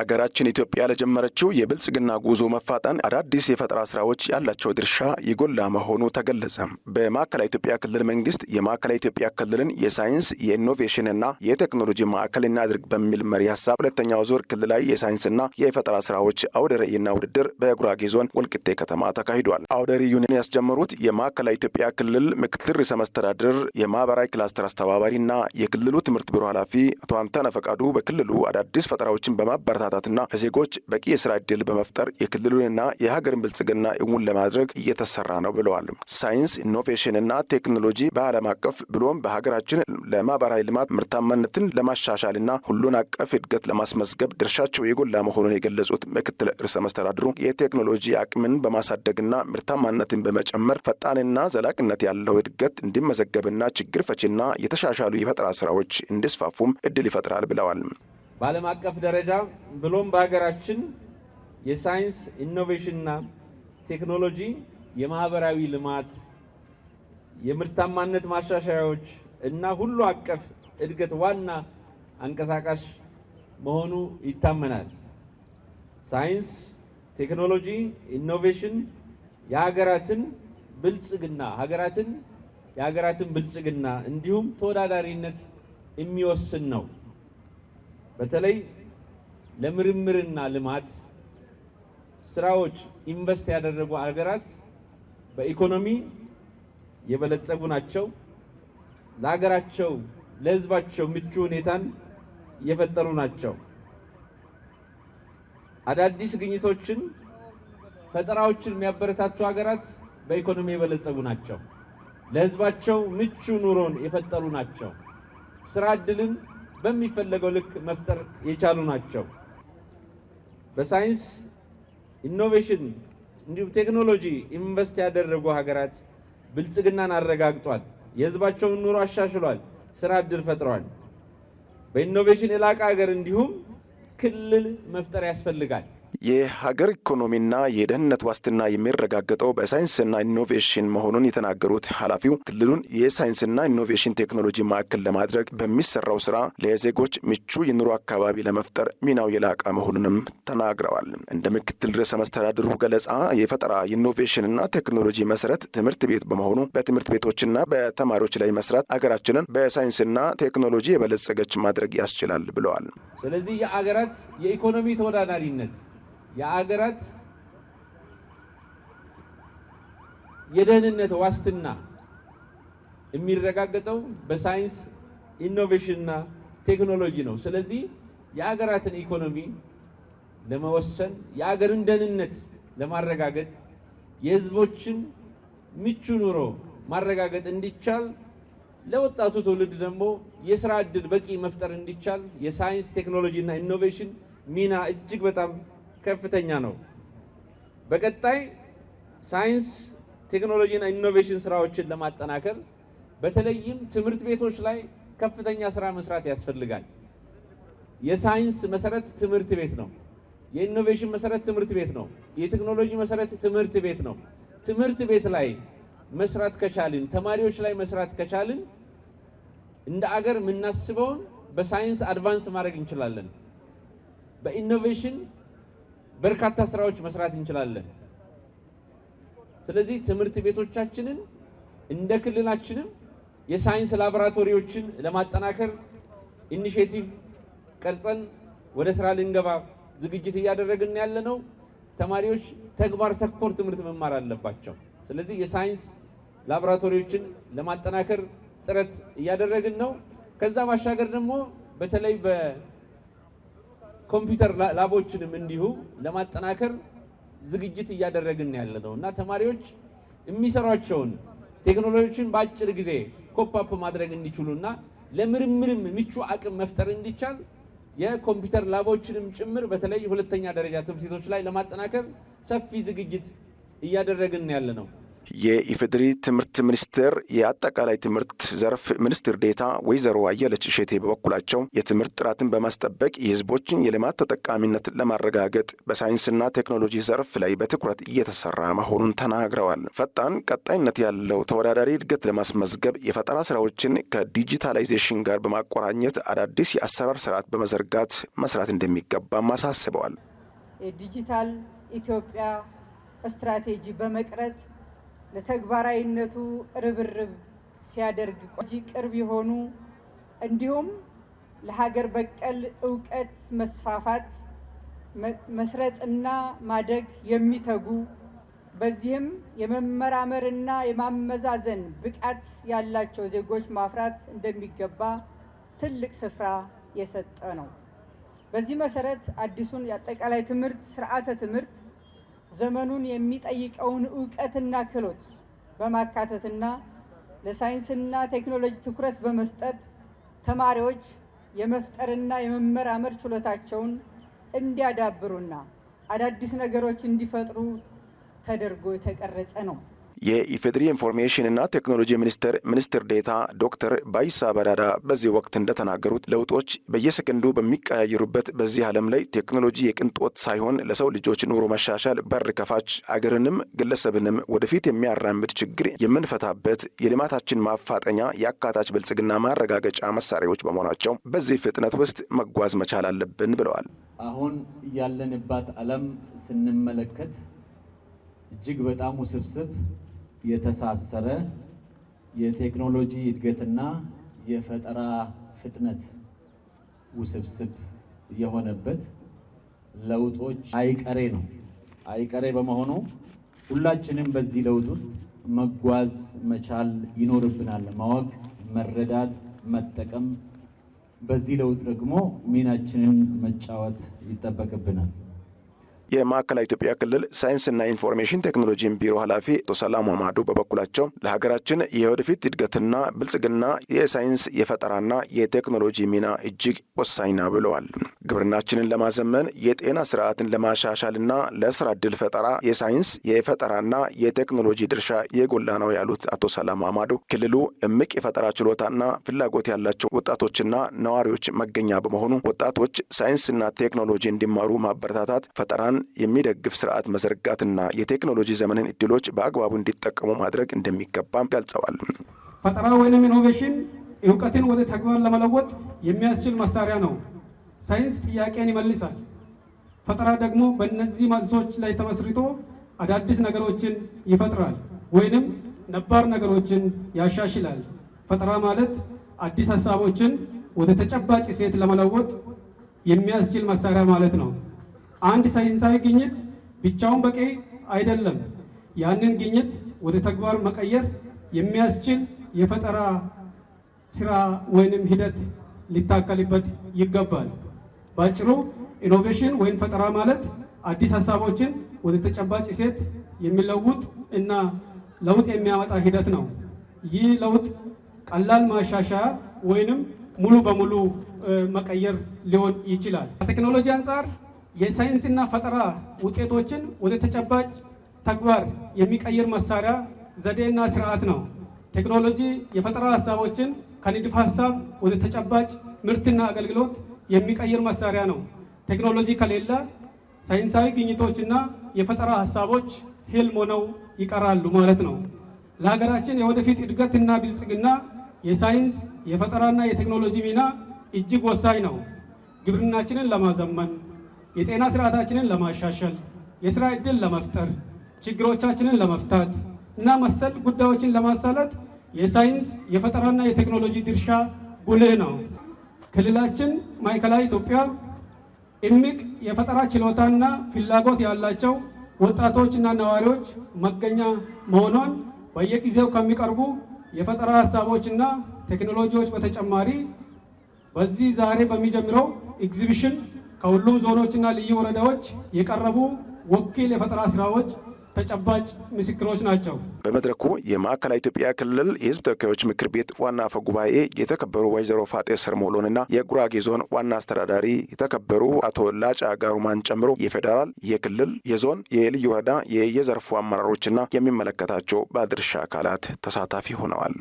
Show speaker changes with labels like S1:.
S1: አገራችን ኢትዮጵያ ለጀመረችው የብልጽግና ጉዞ መፋጠን አዳዲስ የፈጠራ ስራዎች ያላቸው ድርሻ የጎላ መሆኑ ተገለጸ። በማዕከላዊ ኢትዮጵያ ክልል መንግስት የማዕከላዊ ኢትዮጵያ ክልልን የሳይንስ የኢኖቬሽንና የቴክኖሎጂ ማዕከል እናድርግ በሚል መሪ ሀሳብ ሁለተኛው ዙር ክልላዊ የሳይንስና የፈጠራ ስራዎች አውደ ርዕይና ውድድር በጉራጌ ዞን ወልቂጤ ከተማ ተካሂዷል። አውደ ርዕዩን ያስጀመሩት የማዕከላዊ ኢትዮጵያ ክልል ምክትል ርዕሰ መስተዳድር የማህበራዊ ክላስተር አስተባባሪና የክልሉ ትምህርት ቢሮ ኃላፊ አቶ አንተነህ ፈቃዱ በክልሉ አዳዲስ ፈጠራዎችን በማበረታ በማበረታታትና ለዜጎች በቂ የስራ እድል በመፍጠር የክልሉንና የሀገርን ብልጽግና እውን ለማድረግ እየተሰራ ነው ብለዋል። ሳይንስ ኢኖቬሽንና ቴክኖሎጂ በዓለም አቀፍ ብሎም በሀገራችን ለማህበራዊ ልማት ምርታማነትን ለማሻሻልና ሁሉን አቀፍ እድገት ለማስመዝገብ ድርሻቸው የጎላ መሆኑን የገለጹት ምክትል ርዕሰ መስተዳድሩ የቴክኖሎጂ አቅምን በማሳደግና ምርታማነትን በመጨመር ፈጣንና ዘላቅነት ያለው እድገት እንዲመዘገብና ችግር ፈቺና የተሻሻሉ የፈጠራ ስራዎች እንዲስፋፉም እድል ይፈጥራል ብለዋል።
S2: በዓለም አቀፍ ደረጃ ብሎም በሀገራችን የሳይንስ ኢኖቬሽንና ቴክኖሎጂ የማህበራዊ ልማት የምርታማነት ማሻሻያዎች እና ሁሉ አቀፍ እድገት ዋና አንቀሳቃሽ መሆኑ ይታመናል። ሳይንስ፣ ቴክኖሎጂ፣ ኢኖቬሽን የሀገራትን ብልጽግና ሀገራትን የሀገራትን ብልጽግና እንዲሁም ተወዳዳሪነት የሚወስን ነው። በተለይ ለምርምርና ልማት ስራዎች ኢንቨስት ያደረጉ ሀገራት በኢኮኖሚ የበለጸጉ ናቸው። ለሀገራቸው ለሕዝባቸው ምቹ ሁኔታን የፈጠሩ ናቸው። አዳዲስ ግኝቶችን፣ ፈጠራዎችን የሚያበረታቱ ሀገራት በኢኮኖሚ የበለጸጉ ናቸው። ለሕዝባቸው ምቹ ኑሮን የፈጠሩ ናቸው። ስራ እድልን በሚፈለገው ልክ መፍጠር የቻሉ ናቸው። በሳይንስ ኢኖቬሽን፣ እንዲሁም ቴክኖሎጂ ኢንቨስት ያደረጉ ሀገራት ብልጽግናን አረጋግጧል። የህዝባቸውን ኑሮ አሻሽሏል። ስራ እድል ፈጥረዋል። በኢኖቬሽን የላቀ ሀገር እንዲሁም ክልል መፍጠር ያስፈልጋል።
S1: የሀገር ኢኮኖሚና የደህንነት ዋስትና የሚረጋገጠው በሳይንስና ኢኖቬሽን መሆኑን የተናገሩት ኃላፊው ክልሉን የሳይንስና ኢኖቬሽን ቴክኖሎጂ ማዕከል ለማድረግ በሚሰራው ስራ ለዜጎች ምቹ የኑሮ አካባቢ ለመፍጠር ሚናው የላቀ መሆኑንም ተናግረዋል። እንደ ምክትል ርዕሰ መስተዳድሩ ገለጻ የፈጠራ ኢኖቬሽንና ቴክኖሎጂ መሰረት ትምህርት ቤት በመሆኑ በትምህርት ቤቶችና በተማሪዎች ላይ መስራት አገራችንን በሳይንስና ቴክኖሎጂ የበለጸገች ማድረግ ያስችላል ብለዋል።
S2: ስለዚህ የአገራት የኢኮኖሚ ተወዳዳሪነት የአገራት የደህንነት ዋስትና የሚረጋገጠው በሳይንስ ኢኖቬሽንና ቴክኖሎጂ ነው። ስለዚህ የአገራትን ኢኮኖሚ ለመወሰን የአገርን ደህንነት ለማረጋገጥ የህዝቦችን ምቹ ኑሮ ማረጋገጥ እንዲቻል ለወጣቱ ትውልድ ደግሞ የስራ እድል በቂ መፍጠር እንዲቻል የሳይንስ ቴክኖሎጂ እና ኢኖቬሽን ሚና እጅግ በጣም ከፍተኛ ነው። በቀጣይ ሳይንስ ቴክኖሎጂና ኢኖቬሽን ስራዎችን ለማጠናከር በተለይም ትምህርት ቤቶች ላይ ከፍተኛ ስራ መስራት ያስፈልጋል። የሳይንስ መሰረት ትምህርት ቤት ነው። የኢኖቬሽን መሰረት ትምህርት ቤት ነው። የቴክኖሎጂ መሰረት ትምህርት ቤት ነው። ትምህርት ቤት ላይ መስራት ከቻልን፣ ተማሪዎች ላይ መስራት ከቻልን እንደ አገር የምናስበውን በሳይንስ አድቫንስ ማድረግ እንችላለን። በኢኖቬሽን በርካታ ስራዎች መስራት እንችላለን። ስለዚህ ትምህርት ቤቶቻችንን እንደ ክልላችንም የሳይንስ ላቦራቶሪዎችን ለማጠናከር ኢኒሼቲቭ ቀርጸን ወደ ስራ ልንገባ ዝግጅት እያደረግን ያለ ነው። ተማሪዎች ተግባር ተኮር ትምህርት መማር አለባቸው። ስለዚህ የሳይንስ ላቦራቶሪዎችን ለማጠናከር ጥረት እያደረግን ነው። ከዛ ባሻገር ደግሞ በተለይ በ ኮምፒውተር ላቦችንም እንዲሁ ለማጠናከር ዝግጅት እያደረግን ያለ ነው እና ተማሪዎች የሚሰሯቸውን ቴክኖሎጂዎችን በአጭር ጊዜ ኮፓፕ ማድረግ እንዲችሉ ና ለምርምርም ምቹ አቅም መፍጠር እንዲቻል የኮምፒውተር ላቦችንም ጭምር በተለይ ሁለተኛ ደረጃ ትምህርት ቤቶች ላይ ለማጠናከር ሰፊ ዝግጅት እያደረግን ያለ ነው።
S1: የኢፌዴሪ ትምህርት ሚኒስቴር የአጠቃላይ ትምህርት ዘርፍ ሚኒስትር ዴታ ወይዘሮ አየለች እሸቴ በበኩላቸው የትምህርት ጥራትን በማስጠበቅ የሕዝቦችን የልማት ተጠቃሚነት ለማረጋገጥ በሳይንስና ቴክኖሎጂ ዘርፍ ላይ በትኩረት እየተሰራ መሆኑን ተናግረዋል። ፈጣን ቀጣይነት ያለው ተወዳዳሪ እድገት ለማስመዝገብ የፈጠራ ስራዎችን ከዲጂታላይዜሽን ጋር በማቆራኘት አዳዲስ የአሰራር ስርዓት በመዘርጋት መስራት እንደሚገባም አሳስበዋል።
S3: የዲጂታል ኢትዮጵያ ስትራቴጂ በመቅረጽ ለተግባራዊነቱ ርብርብ ሲያደርግ ቆጂ ቅርብ የሆኑ እንዲሁም ለሀገር በቀል እውቀት መስፋፋት መስረጽና ማደግ የሚተጉ በዚህም የመመራመርና የማመዛዘን ብቃት ያላቸው ዜጎች ማፍራት እንደሚገባ ትልቅ ስፍራ የሰጠ ነው። በዚህ መሰረት አዲሱን የአጠቃላይ ትምህርት ስርዓተ ትምህርት ዘመኑን የሚጠይቀውን እውቀትና ክህሎት በማካተትና ለሳይንስና ቴክኖሎጂ ትኩረት በመስጠት ተማሪዎች የመፍጠርና የመመራመር ችሎታቸውን እንዲያዳብሩና አዳዲስ ነገሮች እንዲፈጥሩ ተደርጎ የተቀረጸ ነው።
S1: የኢፌዴሪ ኢንፎርሜሽንና ቴክኖሎጂ ሚኒስቴር ሚኒስትር ዴታ ዶክተር ባይሳ በዳዳ በዚህ ወቅት እንደተናገሩት ለውጦች በየሰከንዱ በሚቀያየሩበት በዚህ ዓለም ላይ ቴክኖሎጂ የቅንጦት ሳይሆን ለሰው ልጆች ኑሮ መሻሻል በር ከፋች፣ አገርንም ግለሰብንም ወደፊት የሚያራምድ ችግር የምንፈታበት የልማታችን ማፋጠኛ የአካታች ብልጽግና ማረጋገጫ መሳሪያዎች በመሆናቸው በዚህ ፍጥነት ውስጥ መጓዝ መቻል አለብን ብለዋል።
S4: አሁን ያለንባት ዓለም ስንመለከት እጅግ በጣም ውስብስብ የተሳሰረ የቴክኖሎጂ እድገትና የፈጠራ ፍጥነት ውስብስብ የሆነበት ለውጦች አይቀሬ ነው። አይቀሬ በመሆኑ ሁላችንም በዚህ ለውጥ ውስጥ መጓዝ መቻል ይኖርብናል። ማወቅ፣ መረዳት፣ መጠቀም፣ በዚህ ለውጥ ደግሞ ሚናችንን መጫወት ይጠበቅብናል።
S1: የማዕከላዊ ኢትዮጵያ ክልል ሳይንስና ኢንፎርሜሽን ቴክኖሎጂን ቢሮ ኃላፊ አቶ ሰላም ሀማዱ በበኩላቸው ለሀገራችን የወደፊት እድገትና ብልጽግና የሳይንስ የፈጠራና የቴክኖሎጂ ሚና እጅግ ወሳኝ ነው ብለዋል። ግብርናችንን ለማዘመን የጤና ስርዓትን ለማሻሻልና ለስራ እድል ፈጠራ የሳይንስ የፈጠራና የቴክኖሎጂ ድርሻ የጎላ ነው ያሉት አቶ ሰላሙ አማዱ ክልሉ እምቅ የፈጠራ ችሎታና ፍላጎት ያላቸው ወጣቶችና ነዋሪዎች መገኛ በመሆኑ ወጣቶች ሳይንስና ቴክኖሎጂ እንዲማሩ ማበረታታት፣ ፈጠራን የሚደግፍ ስርዓት መዘርጋትና የቴክኖሎጂ ዘመንን እድሎች በአግባቡ እንዲጠቀሙ ማድረግ እንደሚገባም ገልጸዋል።
S5: ፈጠራ ወይንም ኢኖቬሽን እውቀትን ወደ ተግባር ለመለወጥ የሚያስችል መሳሪያ ነው። ሳይንስ ጥያቄን ይመልሳል። ፈጠራ ደግሞ በእነዚህ መልሶች ላይ ተመስርቶ አዳዲስ ነገሮችን ይፈጥራል ወይንም ነባር ነገሮችን ያሻሽላል። ፈጠራ ማለት አዲስ ሀሳቦችን ወደ ተጨባጭ ሴት ለመለወጥ የሚያስችል መሳሪያ ማለት ነው። አንድ ሳይንሳዊ ግኝት ብቻውን በቂ አይደለም። ያንን ግኝት ወደ ተግባር መቀየር የሚያስችል የፈጠራ ስራ ወይንም ሂደት ሊታከልበት ይገባል። በአጭሩ ኢኖቬሽን ወይም ፈጠራ ማለት አዲስ ሀሳቦችን ወደ ተጨባጭ እሴት የሚለውጥ እና ለውጥ የሚያመጣ ሂደት ነው። ይህ ለውጥ ቀላል ማሻሻያ ወይንም ሙሉ በሙሉ መቀየር ሊሆን ይችላል። ከቴክኖሎጂ አንጻር የሳይንስና ፈጠራ ውጤቶችን ወደ ተጨባጭ ተግባር የሚቀይር መሳሪያ ዘዴና ስርዓት ነው። ቴክኖሎጂ የፈጠራ ሀሳቦችን ከንድፍ ሀሳብ ወደ ተጨባጭ ምርትና አገልግሎት የሚቀይር መሳሪያ ነው። ቴክኖሎጂ ከሌለ ሳይንሳዊ ግኝቶችና የፈጠራ ሀሳቦች ህልም ሆነው ይቀራሉ ማለት ነው። ለሀገራችን የወደፊት እድገትና ብልጽግና የሳይንስ የፈጠራና የቴክኖሎጂ ሚና እጅግ ወሳኝ ነው። ግብርናችንን ለማዘመን የጤና ስርዓታችንን ለማሻሻል፣ የስራ እድል ለመፍጠር፣ ችግሮቻችንን ለመፍታት እና መሰል ጉዳዮችን ለማሳለጥ የሳይንስ የፈጠራና የቴክኖሎጂ ድርሻ ጉልህ ነው። ክልላችን ማዕከላዊ ኢትዮጵያ እምቅ የፈጠራ ችሎታና ፍላጎት ያላቸው ወጣቶችና ነዋሪዎች መገኛ መሆኗን በየጊዜው ከሚቀርቡ የፈጠራ ሀሳቦችና ቴክኖሎጂዎች በተጨማሪ በዚህ ዛሬ በሚጀምረው ኤግዚቢሽን ከሁሉም ዞኖችና ልዩ ወረዳዎች የቀረቡ ወኪል የፈጠራ ስራዎች ተጨባጭ ምስክሮች ናቸው።
S1: በመድረኩ የማዕከላዊ ኢትዮጵያ ክልል የህዝብ ተወካዮች ምክር ቤት ዋና አፈ ጉባኤ የተከበሩ ወይዘሮ ፋጤ ሰርሞሎንና የጉራጌ ዞን ዋና አስተዳዳሪ የተከበሩ አቶ ላጫ ጋሩማን ጨምሮ የፌዴራል፣ የክልል፣ የዞን፣ የልዩ ወረዳ የየዘርፉ አመራሮችና የሚመለከታቸው ባለድርሻ አካላት ተሳታፊ ሆነዋል።